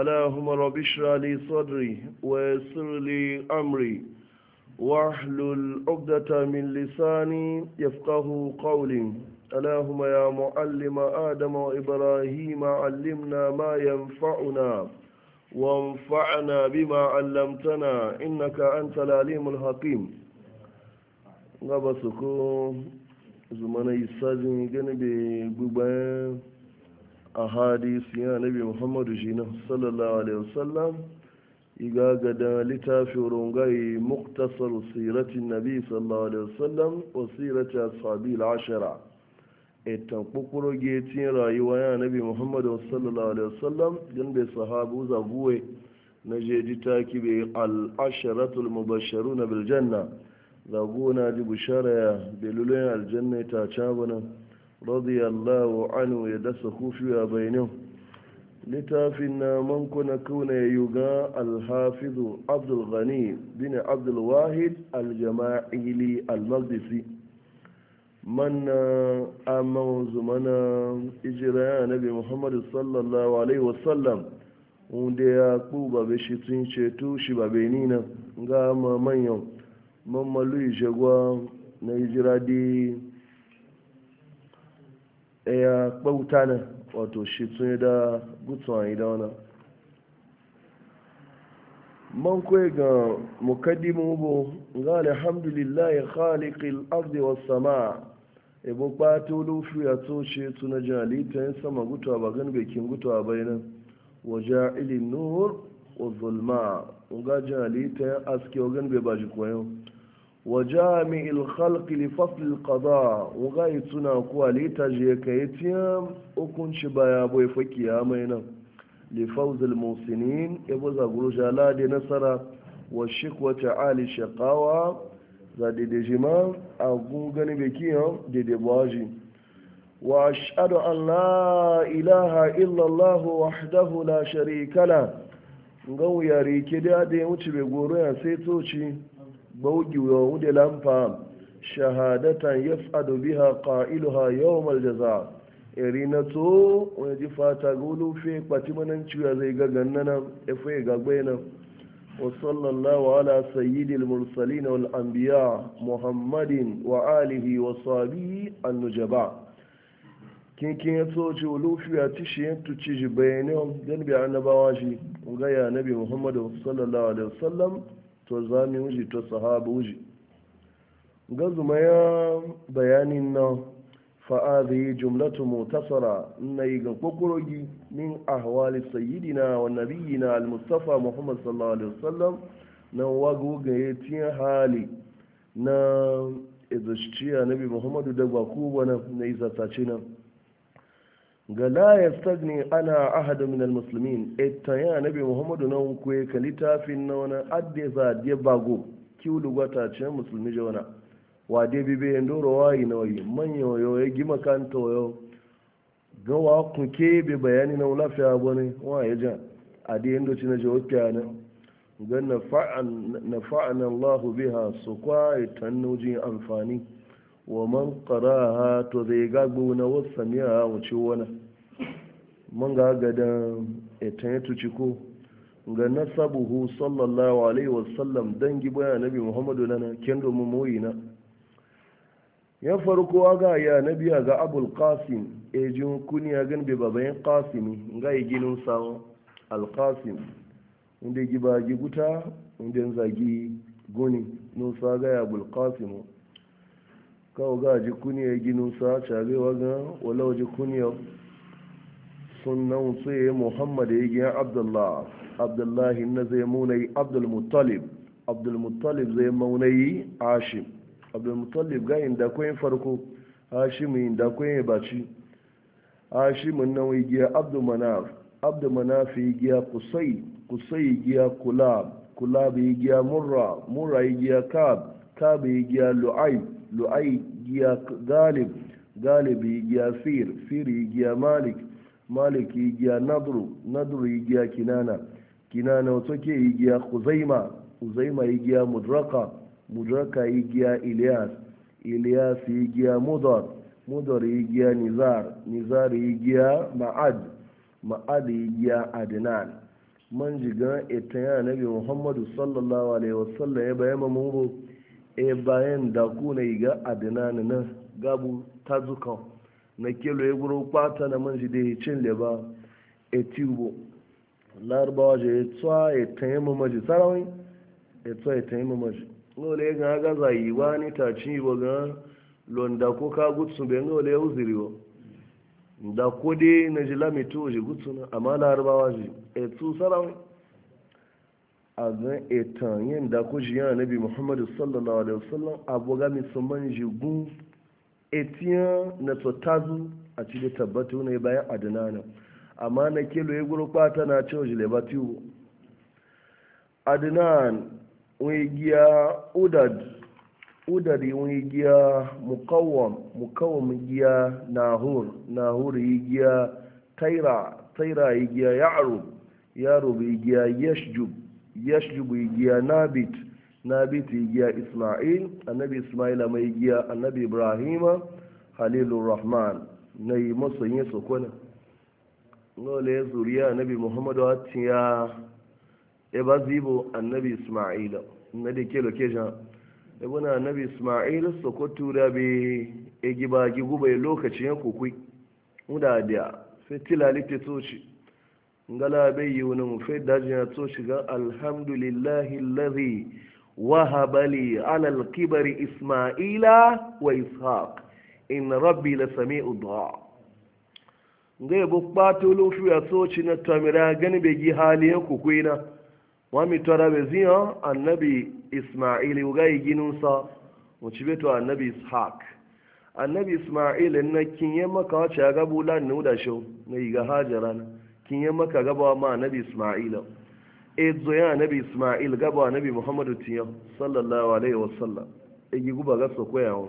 اللهم رب اشرح لي صدري ويسر لي امري واحلل عقدة من لساني يفقه قولي اللهم يا معلم ادم وابراهيم علمنا ما ينفعنا وانفعنا بما علمتنا انك انت العليم الحكيم غبا سكون زمان يسازن جنبي بيبان a hadisi ya nabi muhammadu shi na sallallahu alaihi wasallam iga ga da littafin rungaye muktasar siratin nabi sallallahu alaihi wasallam wa sirata sabi ashara etan kukuro getin rayuwa ya nabi muhammadu sallallahu alaihi wasallam don bai sahabu zaguwe na jeji taki bai al'asharatul mubasharu na biljanna zaguwa na ji bishara ya belulen aljanna ta cabanan radiyallahu anu ya dasa kufiya bainin littafin na mankuna kauna ya yuga alhafizu abdul ghani bin abdul wahid aljama'ili almaqdisi manna amman zumana ijira nabi muhammadu sallallahu alaihi wasallam wanda ya kuba bai shi tun ceto shi ba bai nina ga ma manyan mammalu ijagwa na ijira dai ya ɓauta ne wato shi tun da gutsuwa da wani man kwaye ga mukaddimu bu ga alhamdulillahi khaliqil ardi was samaa ibo e kpato lufu ya to shi tun jalita yin sama gutuwa ba gan bekin gutuwa bayanan waje ilin nuhur wa zulma ga jalita yin aske wa gan baji koyon wa jami'il khalqi li fasl qada wa gaituna ku ali taje kai baya boy faki ya mai nan li fawz al musinin ibo nasara wa shikwa ta'ali shaqawa za de de jima a gugani be kiyam wa ashhadu an la ilaha illa allah wahdahu la sharika la ngau ya rike da de wuce be goro ya sai toci Bauki wa wude lamfa shahadatan yaf'adu biha qailuha yawm aljaza iri na to wani ji fata gulu fe kwati manan ciwa zai ga gannana efe ga gwena wa sallallahu ala sayyidil mursalin wal anbiya muhammadin wa alihi wa sabi an nujaba kin kin ya shi ci wulufi a tishi yin tuci shi bayanin galibi annabawa shi ga ya nabi muhammadu sallallahu alaihi wasallam to zami wuji to sahaba wuji ga ya bayanin nan fa'adhi jumlatu mutasara na yi ga kokorogi min ahwali sayyidina wa nabiyina al-mustafa muhammad sallallahu alaihi wasallam na wago ga yatin hali na izashciya nabi muhammadu da gwakuba na na nan ga la yastagni ana ahadu min almuslimin etta ya nabi muhammadu nan ku ya tafin na wani adde za de bago kiwulu gwata ce musulmi je wana wa de bibe ndoro doro wayi na wayi manyan yo ya gima kan toyo ga wa ku ke be bayani na lafiya bane wa ya ja ade yando ci na je wakiya na ga nafa'an nafa'an allah biha su kwa tanujin amfani wa man qaraha to zai gagbo na wasu miya wuce wana mun ga gadan etan ya tuci ko ga nasabuhu sallallahu alaihi wasallam dan ya nabi muhammadu nana ken domin moyina ya farko ga ya nabi ga abul qasim e jin kuniya gan be babayen qasimi ga yi e ginin sawo al qasim inda giba giguta inda zagi goni no sa ya abul qasim kawo ga ji kuniya gino sa cabewa ga walau ji kuniya sunan tsaye muhammad ya gina abdullah abdullahi na zai munayi abdulmuttalib abdulmuttalib zai munayi ashim abdulmuttalib ga inda kwayin farko ashim inda kwayin baci ashim nan ya gina abdulmanaf abdulmanaf ya gina kusai kusai ya gina kulab kulab ya gina murra murra ya gina kab kab ya gina lu'aib lu'ai giya galib galibi giya fir firi giya malik maliki giya nadru nadru giya kinana kinana wato ke giya kuzaima kuzaima giya mudraka mudraka giya ilyas ilyas giya mudar mudar giya nizar nizar giya ma'ad ma'ad giya adnan man jiga ita ya nabi muhammadu sallallahu alaihi wasallam ya bayyana mu e bayan da kuna yi ga adina na gabu ta zuka na kelo ya guru kwata na manji da cin leba a e tubo larabawa je ya tsawa ya tayi mamaji sarawai ya tsawa ya tayi mamaji lole ya ga gaza yi wa ni ta ci ba ga londa ko ka gutsu bai lole ya uziri ba da ko dai na jilami to gutsu na amma larabawa je ya tsu sarawai a gan etan yin da ku ji yana nabi muhammadu sallallahu alaihi wasallam ga mi saman jigun etiyan na tazu a cikin tabbatu ne bayan adinana amma na kelo ya guru kwata na cewa jilebatiwo adinan giya udad udad giya mukawam mukawam giya nahur nahur giya taira taira giya ya'rub yi giya yashjub yashjubu igiya nabit nabit igiya isma'il annabi isma'il mai igiya annabi ibrahima halilur rahman na yi masoyin su kuna nola ya zuriya annabi muhammadu ya eba zibo annabi isma'il na da ke location ebuna annabi isma'il su kutura bi egibagi gubai lokacin ya kukui muda da fitila littattocin ngala bai yi wani mufai daji na to shiga alhamdulillahi lazi wahabali alal kibari ismaila wa ishaq in rabbi la sami udra nga bu kpato lu fi ya to na tamira gani bai gi hali ya kukwina wa mi tara be ziyan annabi ismaila ga yi ginunsa mu ci beto annabi ishaq annabi ismaila na kinye maka wace ya gabula nuda shi na yi ga hajjara na kin yi maka gabawa ma annabi Isma'il? e eh, zoya annabi isma'il gabawa annabi muhammadu tiya sallallahu alaihi wasallam e gi guba ga sokoyawo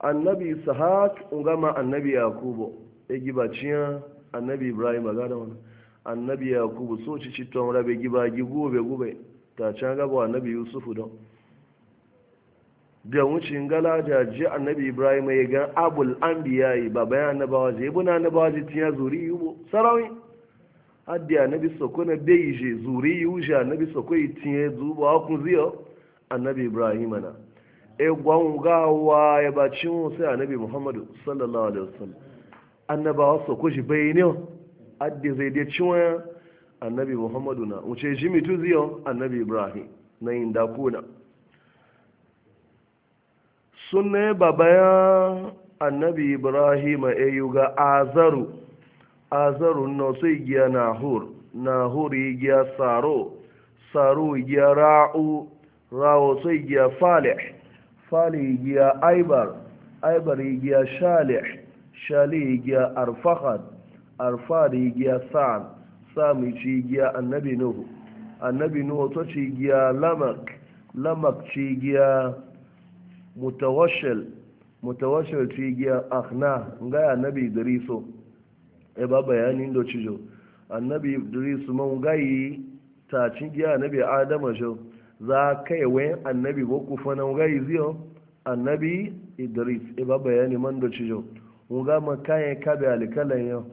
annabi sahak ungama annabi yakubo e gi baciya annabi ibrahim ga da wannan annabi yakubu so ci ci ton rabe gi ba gi gobe gobe ta can gabawa annabi yusufu don da wuce ngala da ji annabi ibrahim ya ga abul anbiya ba bayan annabawa je buna annabawa je tiya zuri yubo sarawin adị anabi soko na bai je zuri yuje annabi soko itinye tinye zuba kun ziyo annabi ibrahim na e gwangawa ya e baci sai annabi muhammadu sallallahu alaihi wasallam annabawa soko shi bai ne adị zai dai ciwon annabi muhammadu na nwuce shi mitu ziyo annabi ibrahim na yin dakuna sunne babaya annabi ibrahim e yuga azaru azarun na su igiya nahur nahur igiya saro saro igiya ra'u ra'u su igiya falih falih igiya aibar aibar igiya shalih shalih igiya arfahad arfahad igiya sa'an sami ci igiya annabi nuhu annabi nuhu to ci igiya lamak lamak ci igiya mutawashil mutawashil ci igiya akhna ga annabi so. e ba bayanin da cijo annabi idris mun gayi ta cin giya annabi adama jo za kai wayan annabi boku fa nan gayi ziyo annabi idris e ba bayani man da cijo mun ga ma kayan kabe alkalan yo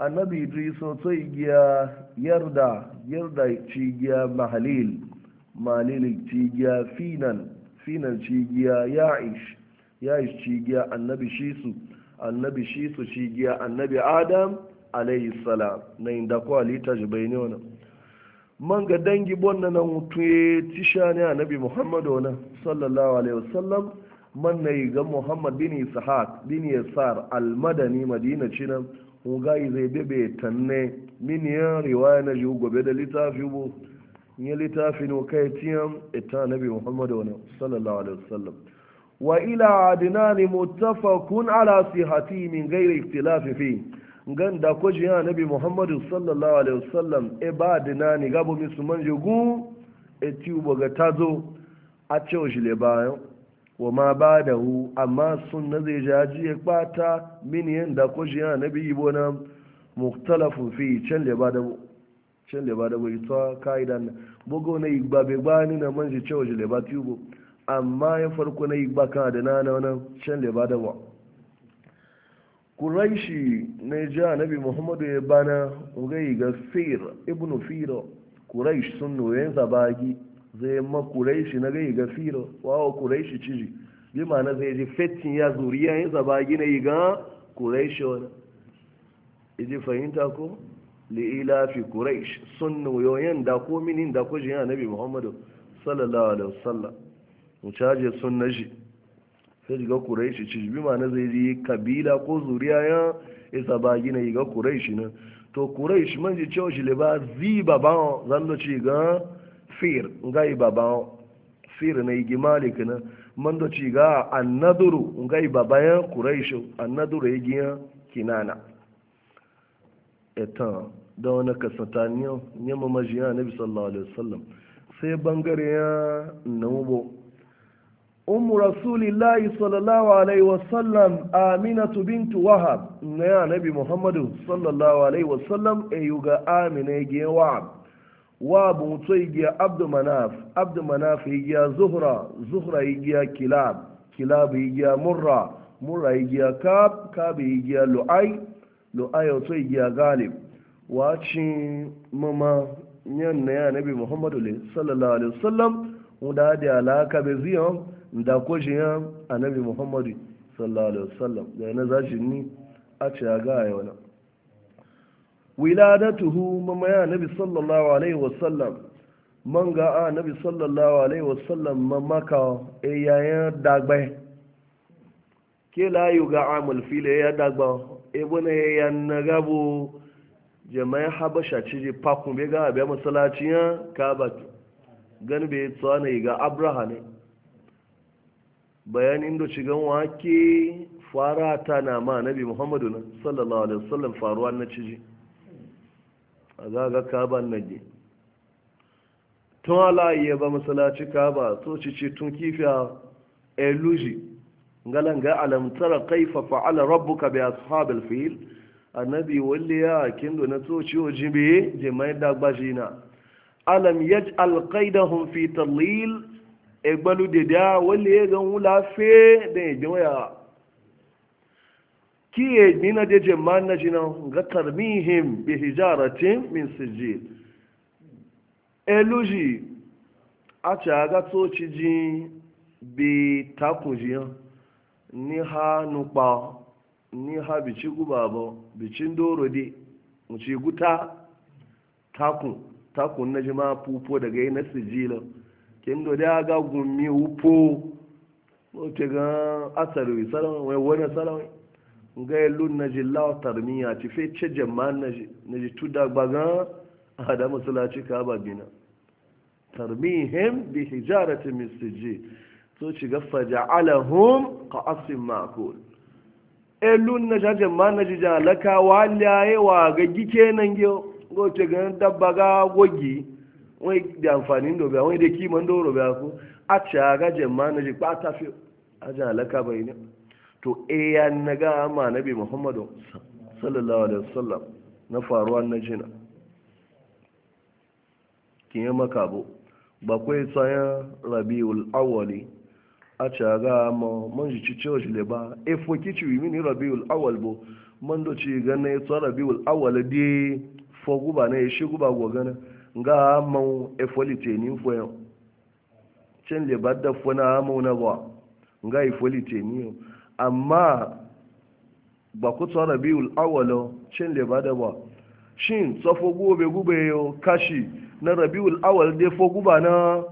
annabi idris so giya yarda yarda ci giya mahalil malil ci giya finan finan ci giya ya'ish ya'ish ci giya annabi shisu annabi shi su shi giya annabi adam alayhi salam na inda ko alita ji bai nuna. man ga dangi bonna na mutuye tisha ne annabi muhammadu wani sallallahu alaihi wasallam man na yi ga muhammad bin ishaq bin yasar almadani madina hunga yi zai bebe tanne min ya riwaya na ji gobe da littafi bu ya littafi ne kai tiyan ita annabi Muhammadu wani sallallahu alaihi wasallam wa ila adinani muttafaqun ala sihati min ghairi ikhtilafi fi da ko jiya nabi muhammadu sallallahu alaihi wasallam e ba adinani gabo musulman jugu e tiubo ga tazo a cewa shi le bayan wa ma ba da hu amma sun na zai jaji ya kpata mini da ko jiya nabi ibo na muktalafu fi can le ba da can le ba da bai ta kaidan bugo na igbabe gbani na manji cewa shi le ba tiubo amma ya farko na yi baka da na wani can da ba da ba kuraishi na ja nabi muhammadu ya bana gai ga fir ibn firo kuraish sun noyen sabagi zai ma kuraishi na gai ga firo wawo kuraishi ciji bi ma'ana zai ji fetin ya zuriya yin sabagi na yi ga kuraishi wani iji fahimta ko li'ila fi kuraish sun noyen da ko minin da ko jiya nabi muhammadu sallallahu alaihi wasallam mucaje sun na shi sai shiga kuraishi ci bi ma na zai ji kabila ko zuriya ya isa ba gina yi ga kuraishi nan to kuraishi man ji cewa shi leba zi baban zan da ci ga fir nga yi baban fir na yi malik na man da ci ga annaduru nga yi babayan kuraishi annaduru ya gina kinana etan da wani kasantaniyar yamma majiya na bisallahu alaihi wasallam sai bangare ya namubo أم رسول الله صلى الله عليه وسلم آمنة بنت وهب يا نبي محمد صلى الله عليه وسلم أيوغا آمنة يجي وهب وهب متوي عبد مناف عبد مناف يجي زهرة زهرة يجي كلاب كلاب يجي مرة مرة يجي كاب كاب يجي لؤي لؤي متوي يجي غالب واتشي ماما يا نبي محمد صلى الله عليه وسلم ودا دي علاقة بزيهم da ko shi ya annabi muhammadu sallallahu alaihi wasallam da yana za shi ni a ce ya ga ya wala wiladatuhu ya annabi sallallahu alaihi wasallam man ga annabi sallallahu alaihi wasallam ka e ya dagbe ke la yu ga amul fil e ya dagba e bune e ya nagabu jama'a habasha ci ji pakun be ga be masallaci ya ka ba gani be tsana ga abraha ne bayanin da shigan wake fara ta na ma nabi muhammadu na sallallahu alaihi wasallam faruwa na ciji a zaga kaban ge tun ala iya ba masalaci kaba so cici tun a eluji ngalan ga alamtara kaifa fa'ala rabbuka bi ashabil fil annabi walli ya kindo na so ciwo jibe jimai dagbashi na alam yaj qaidahum fi tallil. egbalu dede a wale ya wula fe da ya jiwaya ki ya e na deje ma na jina ga tarmihim bi hijaratin min sijil eluji a ci aga tsoci ji bi takuji ni ha nukpa ni ha bici guba ba bicin doro di mu ci guta takun takun na jima pupo daga yi na sijilin kendo da ga gumi upo te ga asaru Salam wai wani Salam? ga yi lun na ji lawa tarmiya ci fe che jamman na ji tuda baga ga a da musulaci ka ba bina tarmihim bi hijarati misji so ci ga faja'alahum ka asin ma'akul e lun na jajen ma na ji jalaka wa laye wa ga gike nan gyo ga wace ga dabba ga gogi wai di amfani da biya wai da kiman doro biya a ci a gajin ma na a jin alaka bai to e ya na ma nabi muhammadu sallallahu alaihi wasallam na faruwa na jina kin yi makabo ba kwai rabiul awali a ci ma man ji ci cewa shi ba e foki ci wi mini rabiul awal bo man do ci gane tsa rabiul awal de na ya shi guba gwa gana nga mau efoli teni foyo chen le badda na mau na ba nga efoli teni amma ba ku tsara biul awalo chen le badda ba shin tsofo gobe gube yo kashi na rabiul awal de fo guba na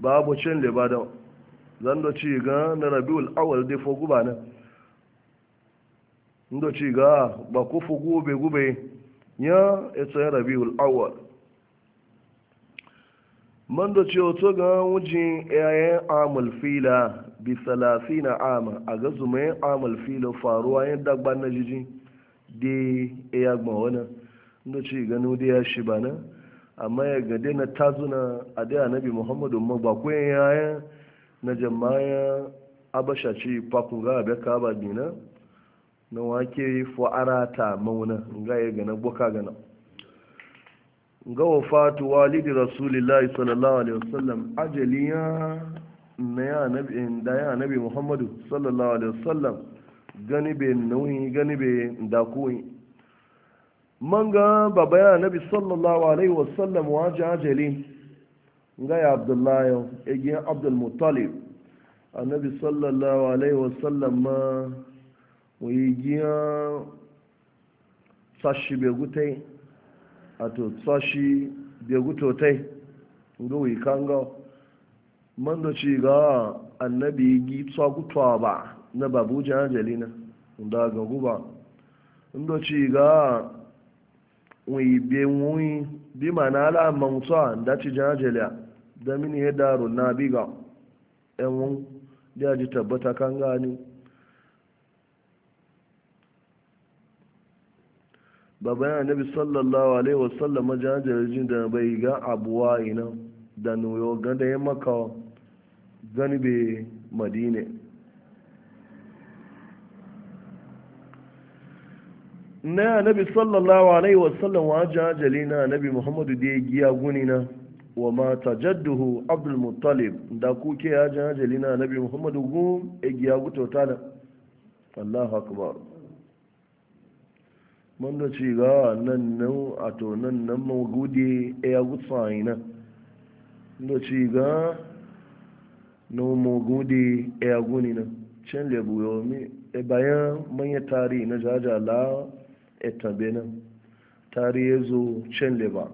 babu chen le badda do ci ga na rabiul awal de fo guba na ndo ci ga ba ku fo gobe gube e ya etsa rabiul awal man ce wato ga wujin yayin amul fila bi salasina ama a ga zumayin amul fila faruwa yin na jiji da ya gba wani da gano da ya shi bana amma ya ga na tazuna a da nabi muhammadu ma ba ko yayin na jama'a abasha ce fakun ga abe ka ba dina na wake fu'ara mauna ga ya ga na boka ga wafatu walidi rasulillahi sallallahu alaihi wasallam ajaliya na ya nabi da ya nabi muhammadu sallallahu alaihi wasallam gani be nauyi gani be dakuwi manga baba ya nabi sallallahu alaihi wasallam waje ajali ga ya abdullahi ege abdul muttalib annabi sallallahu alaihi wasallam ma wa yi giya sashi be gutai a to tsashi bai gutotai ga wikan ga man ci ga annabi gi tsagutuwa ba na babu jihajali na da ga guba ndo ci ga wi be bi mana ala mawta da ci jihajali a mini ya daru na biga enwun da ji tabbata kan gani baban annabi sallallahu alaihi wasallam majalarjin da bai ga abuwa ina da nuyo gada ya maka gani bai madine na annabi sallallahu alaihi wasallam wa jajali na annabi muhammadu da ya giya guni na wa mata jadduhu abdul muttalib da kuke ya jajali na annabi muhammadu gum ya giya gutota da allahu akbar man da ci ga nan nan a to nan nan man eh, ya gutsa ina da ci ga nan man eh, ya guni nan can lebu yomi e eh, bayan manya tari na jaja la e tabe nan tari ya zo can leba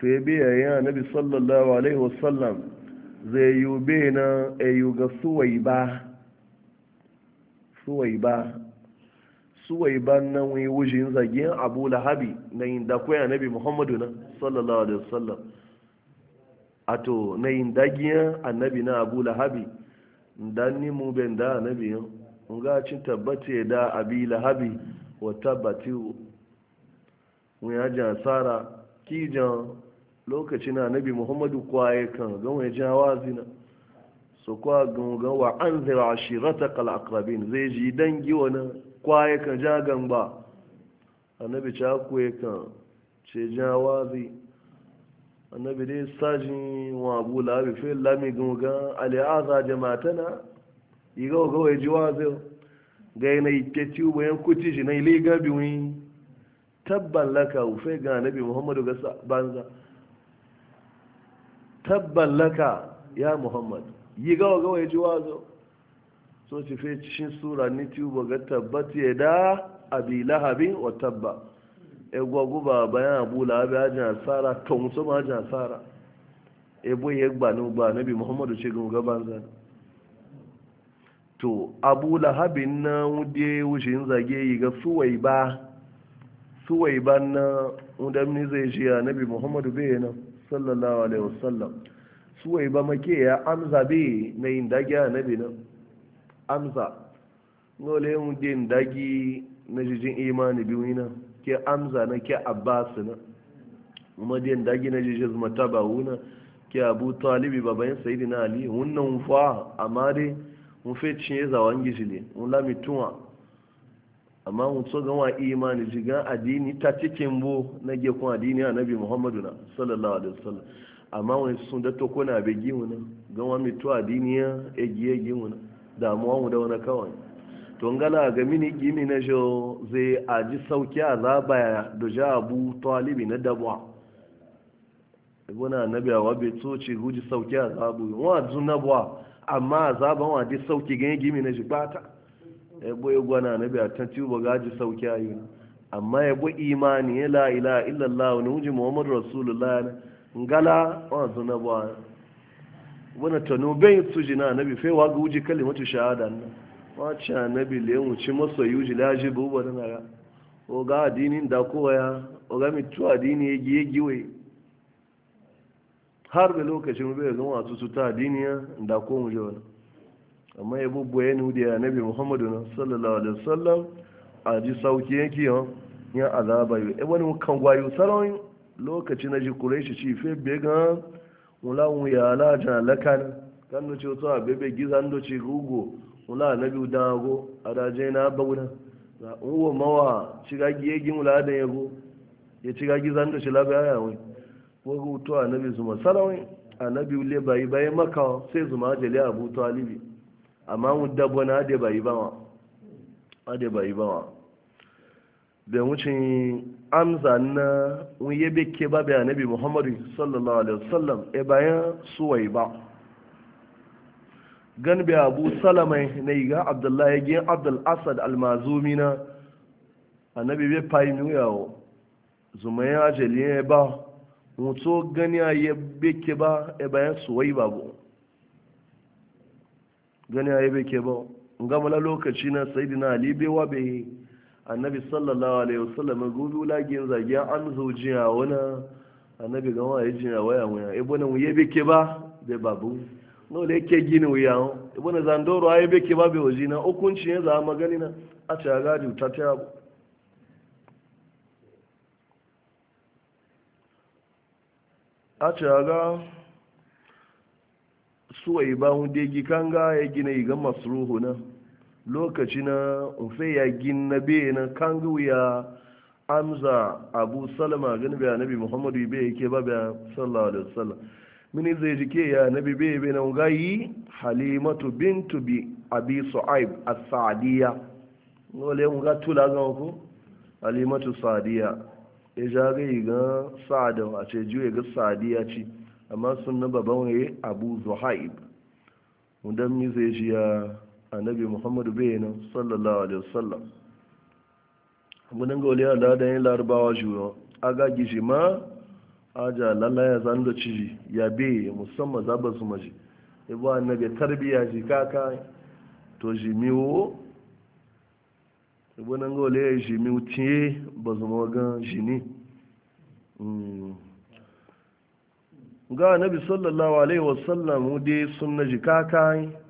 to ya biya ya nabi sallallahu alaihi wasallam zai yi be na e yi ga suwai ba suwai ba suwai ban nan wani wujin zagin abu lahabi na yin dakwai nabi muhammadu na sallallahu alaihi wasallam to na yin dagiya nabi na abu lahabi dan ni mu ben da annabi yin ga cin tabbate da abi lahabi wa tabbati mu ya ji asara. ki jan lokacin nabi muhammadu kwaye kan ga wani jawazi zina? so kwa gungan wa an anzir shirata kala aqrabin zai ji dangi wani kwaye ka ja gamba annabi ca kuwa kan ce ja wazi annabi dai sajin wa abu labi fi lami gunga ali'aza jama'atana yi ga wai ji wazi ga yana ike ciwo yan kuti shi na ile gabi wani tabban laka ufe ga annabi muhammadu ga banza tabban laka ya Muhammadu. yi gawa gawa ya ji wazo so ci fe cikin sura ni ti ubo ga tabbati ya da abi lahabi wa tabba e gwagu ba bayan abu lahabi ajin asara ta musu ma ajin asara e boye ya gba ni gba nabi muhammadu ce gunga banza to abu lahabi na wude wushin zage yi ga suwai ba suwai ba na ni zai shi ya nabi muhammadu bai nan sallallahu alaihi wasallam suwai ba make ya amza bai na yin dagiya nabi nan amza ngole mu din dagi na jijin imani biyu na ke amza na ke abbas na kuma din dagi na jijin matabawu wuna ke abu talibi babayin na ali wunan fa a mare mun fe cinye zawon gishile mun lami tuwa amma mun so gawa imani jigan addini ta cikin bu na gekun adini addini annabi muhammadu na sallallahu alaihi wasallam amma wani sun da to kona be giwuna gawa mi to adini ya egiye giwuna damuwa mu da wani kawai to ngana ga mini gimi na jo zai aji sauki a zaba da ja abu talibi na dabwa ibuna nabi awa bai toci guji sauki a zabu wa zunabwa amma zaba wa di sauki ganye gimi na ji bata ebo igwa na nabi a tanti ga aji sauki a yi amma ebo imani ya e la ila illallah wani wuji muhammadu rasulullah ngala wa zunabwa wani tano bai su na nabi fai wa guji kalimatu shahada nan wacce nabi le wuce masa yuji laji bubu da nara o ga adinin da kowa ya o ga mitu adini ya giye giwe har da lokacin bai zama wasu su ta adiniya da ko mu jawana amma ya bubu ya ni da nabi muhammadu na sallallahu alaihi wasallam a ji sauki yake ya ya azaba yi e wani kan gwayo sarawin lokaci na ji kurai shi ci fai bai mulawun ya laja lakan kan nuce wato a bebe gizan doce gugu mula na biyu dan ago a daje na bauna za uwa mawa ciga giye gi mula da yago ya ciga gizan doce labe aya wai ko gutu a nabi zuma salawai a nabi ule bayi bayi maka sai zuma ajali abu talibi amma mu dabbo na ade bayi bawa ade bayi bawa da wucin amza na wuye beke ba bi anabi muhammadu sallallahu alaihi wasallam e bayan suwai ba gan bi abu salamai na iga abdullahi gen abdul asad almazumi na anabi bai fayi miyawo zuma ya ajali ya ba mutu gani a yi beke ba e bayan suwai ba bu gani a yi beke ba gama lokaci na sayidina ali bai wa bai annabi sallallahu alaihi wasallam gudu lagin zagiya an zujiya wani annabi ga ya jiya waya wuya ibo na wuye beke ba da babu no yake ke gini wuya ibo na zandoro ya beke ba be wajina hukunci ya za magani na a ta ga ju ta ta a ta ga suwai ba degi kanga ya gina igan masruhu na lokaci na ufe ya gina be na kangu ya amza abu salama gani biya nabi muhammadu ya yake ba bai sallallahu alaihi wasallam mini zai jike ya nabi be be na ugayi halimatu bintu bi abi su'aib a sadiya wale yau, ga tula ga ko halimatu sa'diya e gai ga sa'da a ce juya ga sa'diya ci amma na baban waye abu zuhaib mun dan mi zai ji ya annabi muhammadu bai nan sallallahu alaihi wasallam abunan ga waliya da da yin larabawa shiro aga gishi ma aja lalla ya zan da ciji ya be musamman zaba su maji ibu annabi tarbiya ji kaka to ji miwo ibu nan ga waliya ji miwo tiye ba zama wagan ji ne hmm. ga annabi sallallahu alaihi wasallam dai sun na ji kaka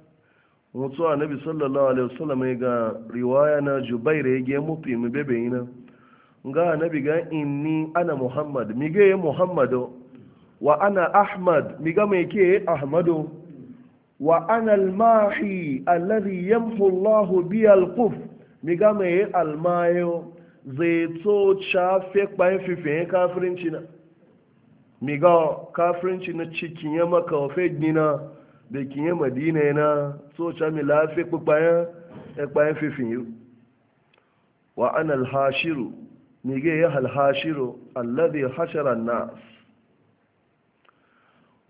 wato annabi sallallahu alaihi wasallam ga riwaya na jubair ya ge mu fi mu bebe ina ga annabi ga inni ana muhammad mi ge muhammadu wa ana ahmad mi ga mai ke ahmadu wa ana almahi alladhi yamhu allah bi alquf mi ga mai almayo zai to pa kpai fe kafirinci na mi ga kafirinci na cikin ya maka ofe gina? da kinye madina yana soca mi lafi kpukpayan ekpayan fifin yi wa an alhashiru ni ga yi alhashiru allazi hashara nas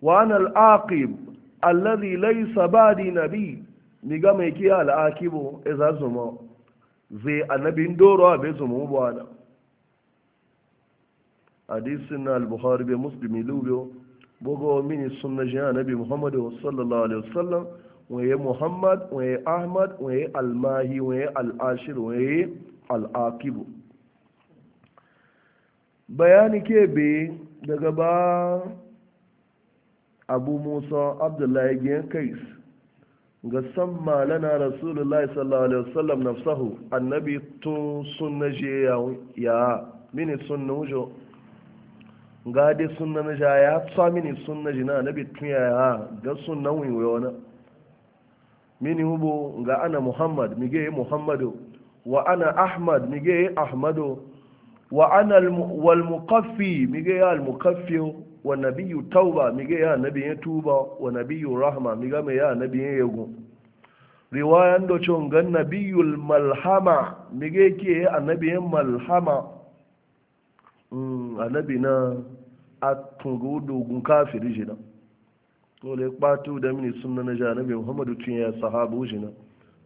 wa an al'aqib allazi laysa ba'di nabi ni ga mai kiya al'aqibu iza zuma zai annabin doro abe zuma bu ana hadisin al-bukhari be muslimi lubiyo bugo mini jiya na bi muhammadu sallallahu alaihi wasallam waye muhammad waye ahmad waye almahi waye al'ashir waye al'aqibu bayani ke be daga ba abu musa abdullahi gen kais ga samma lana rasulullahi sallallahu alaihi wasallam nafsahu annabi tun suna jiya ya mini sunna wujo ga dai sunna na ja ya tsa mini sunna jina na bitun ya ya ga sunna wiwe wani mini hubo ga ana muhammad mige muhammadu wa ana ahmad mige ahmadu wa ana walmukafi, mi mige ya wa nabiyu tauba mige ya nabiyin tuba wa nabiyu rahma mige me ya nabiyin yego riwayan da chon ga nabiyul malhama mige ke annabiyin malhama hmm, annabi na a tungu dogon kafiri jina dole kpatu da mini sunna na janabi muhammadu tun ya sahabu jina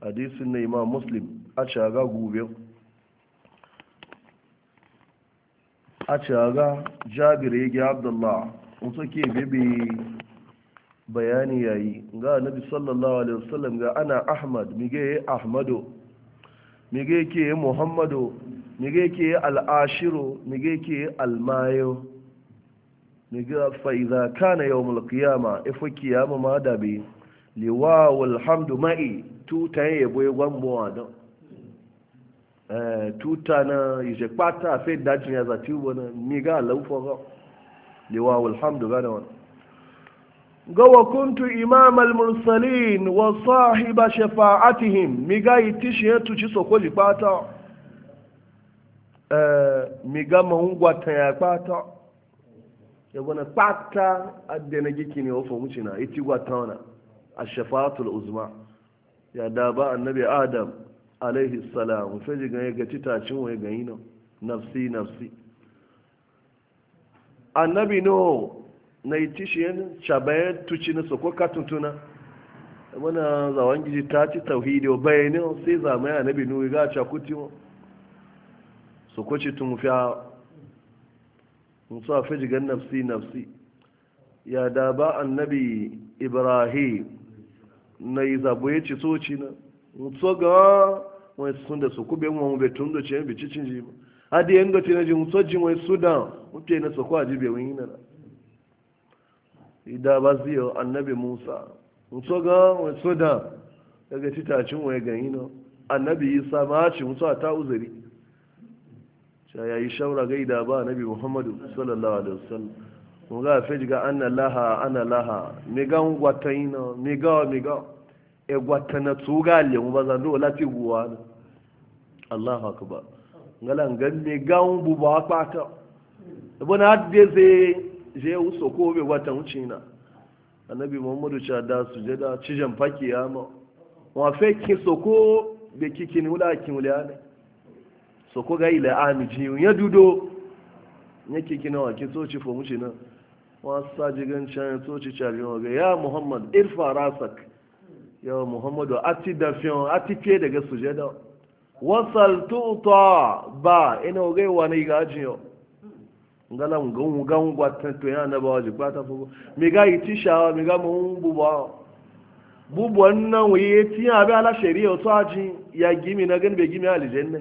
hadisin na imam muslim a shaga gobe a shaga jabir yage abdullah wasu ke bibi bayani yayi ga nabi sallallahu alaihi wasallam ga ana ahmad mige ahmadu mige ke muhammadu mige ke al'ashiro mige ke almayo niga fa'iza kana yau mulkiyama ifa kiyama ma da liwa walhamdu ma'i tuta yin yabo ya gwambo wa eh, na ije kpata a dajin ya zati wani niga walhamdu gana wani ga wa kuntu imam al wa sahiba miga itishi ya tuci sokoli kpata eh, miga yabona kpata adena gikini wa famucina iti gwatana ashafaatul uzma ya daba annabi adam alaihi salam feji ganye ga titacin wa ga yino nafsi nafsi annabi no na iti shiyen chabaye tuci na soko katuntuna yabona zawon giji ta ci tauhidi wa bayani sai zamaya annabi no ga chakuti soko ci tumufiya musu a fijigan nafsi nafsi ya da ba annabi ibrahim na yi zabo ya ci soci na musu ga wani sun da su kube mu mu betun da ciyen bici cin ji yin yan na tinaji musu jin wani sudan mutu na su a ji bewin yana ida ba ziyo annabi musa musu ga wani sudan daga titacin wani gani na annabi isa ma ci musu a ta uzuri ya yi shawara gaida ba nabi muhammadu sallallahu alaihi wasallam mun ga fe diga anna laha ana laha me ga ngwata ina me ga me ga e gwata na ga le mu bazan do lati guwa Allahu akbar ngalan gan me ga bu ba e bo na de ze je uso ko be gwata ucina annabi muhammadu cha da da cijan fakiya ma wa fe ki soko be kikin wala kin wala so ko ga ila amiji ya dudo yake kina wa ki soci fo mushi na wa saji gan chan soci chari wa ga ya muhammad irfa rasak ya muhammad ati da fion ati ke daga sujada wasal tuta ba ina ga wani ga ajiyo ngala ngon ngon gwatan to ya na ba waje kwata fo mi ga iti shawa mi ga mu buba bubu wannan waye ti abi ala shari'a to aji ya gimi na gan be gimi aljanna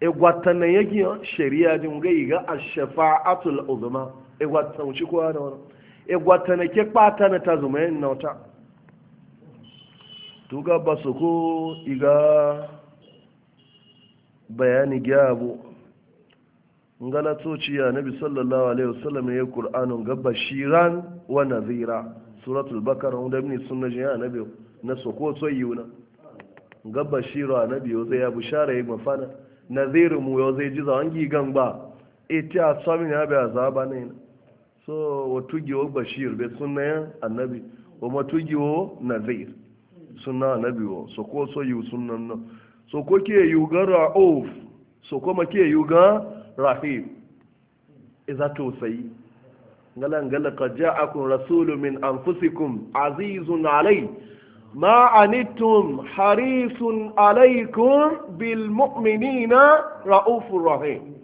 igwatanan yake shari'a din gai ga ash-shafa'atul uzma igwatan shi ko da wannan igwatana ke pata na tazuma yin nauta to ga basu ko iga bayani gyabu ngala tociya nabi sallallahu alaihi wasallam ya qur'anun ga bashiran wa nazira suratul bakara wanda ibn sunna jiya nabi na soko soyuna ga bashira nabi zai ya bushara ya mafana nazirin mu yau zai ji zawon gigan ba e, ita a samun ya bai azaba ne so wa tugiwo bashir bai sunayen annabi wa matugiwo nazir suna annabi wa so ko so yi sunan nan so ko ke yi ga ra'uf so kuma ke yi ga rahim iza e tausayi galan gala ka ja'akum rasulun min anfusikum azizun alai ma anittum harisun alaikum bil mu'minina ra'ufur rahim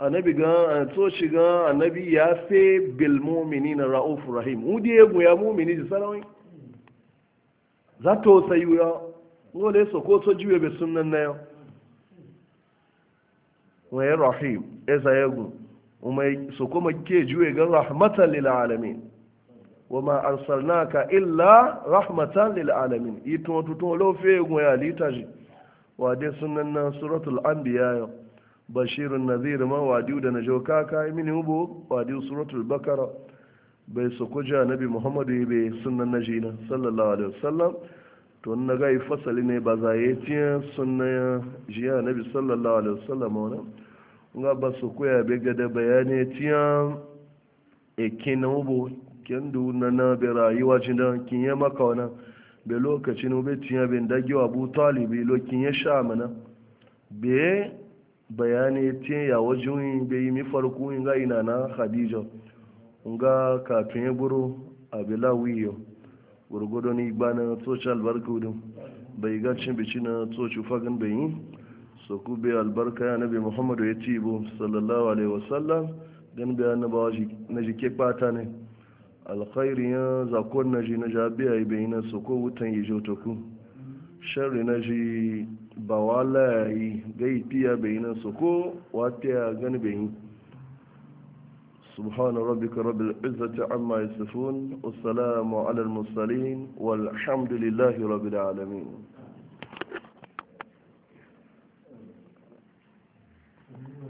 annabi ga to shiga annabi ya fe bil mu'minina ra'ufur rahim wudi egu ya mu'mini ji sarawin za to sayu ya ngole so ko so jiwe be sunnan na yo wa rahim ya yegu umai so kuma ke jiwe ga rahmatan lil alamin wama arsalnaka illa rahmatan lil alamin ito tuto lo fe gun ya litaji wa de sunan nan suratul anbiya bashirun nadhir ma diu da najo kaka mini wa diu suratul bakara bai su kuja nabi muhammadu bai sunan najina sallallahu alaihi wasallam to na ga fasali ne ba za yi tiya sunan jiya nabi sallallahu alaihi wasallam wannan nga ba su koya bai gada bayani tiya ekin ubo kendo duna na be rayuwa ci da kin yi maka wani be lokacin be tiya bin dagi wa Abu talibi lo kin ya sha mana be bayani tin ya wajin be yi mi farko in ga ina na Khadija nga kafin ya buru abila wiyo gurgudu ni gbana tsoci albarka wudin bai gacin bici na tsoci fagin yi so ku bai albarka ya nabi muhammadu ya tibo sallallahu alaihi wasallam don bayan na jike kpata ne alkhairi ya zakon na ji na jabi a ibe na su ko wutan yi jotoku shari na ji ba wala yi gai fiya bai na su ko wata ya gani bai سبحان ربك رب العزة عما يصفون والسلام على المرسلين والحمد لله رب العالمين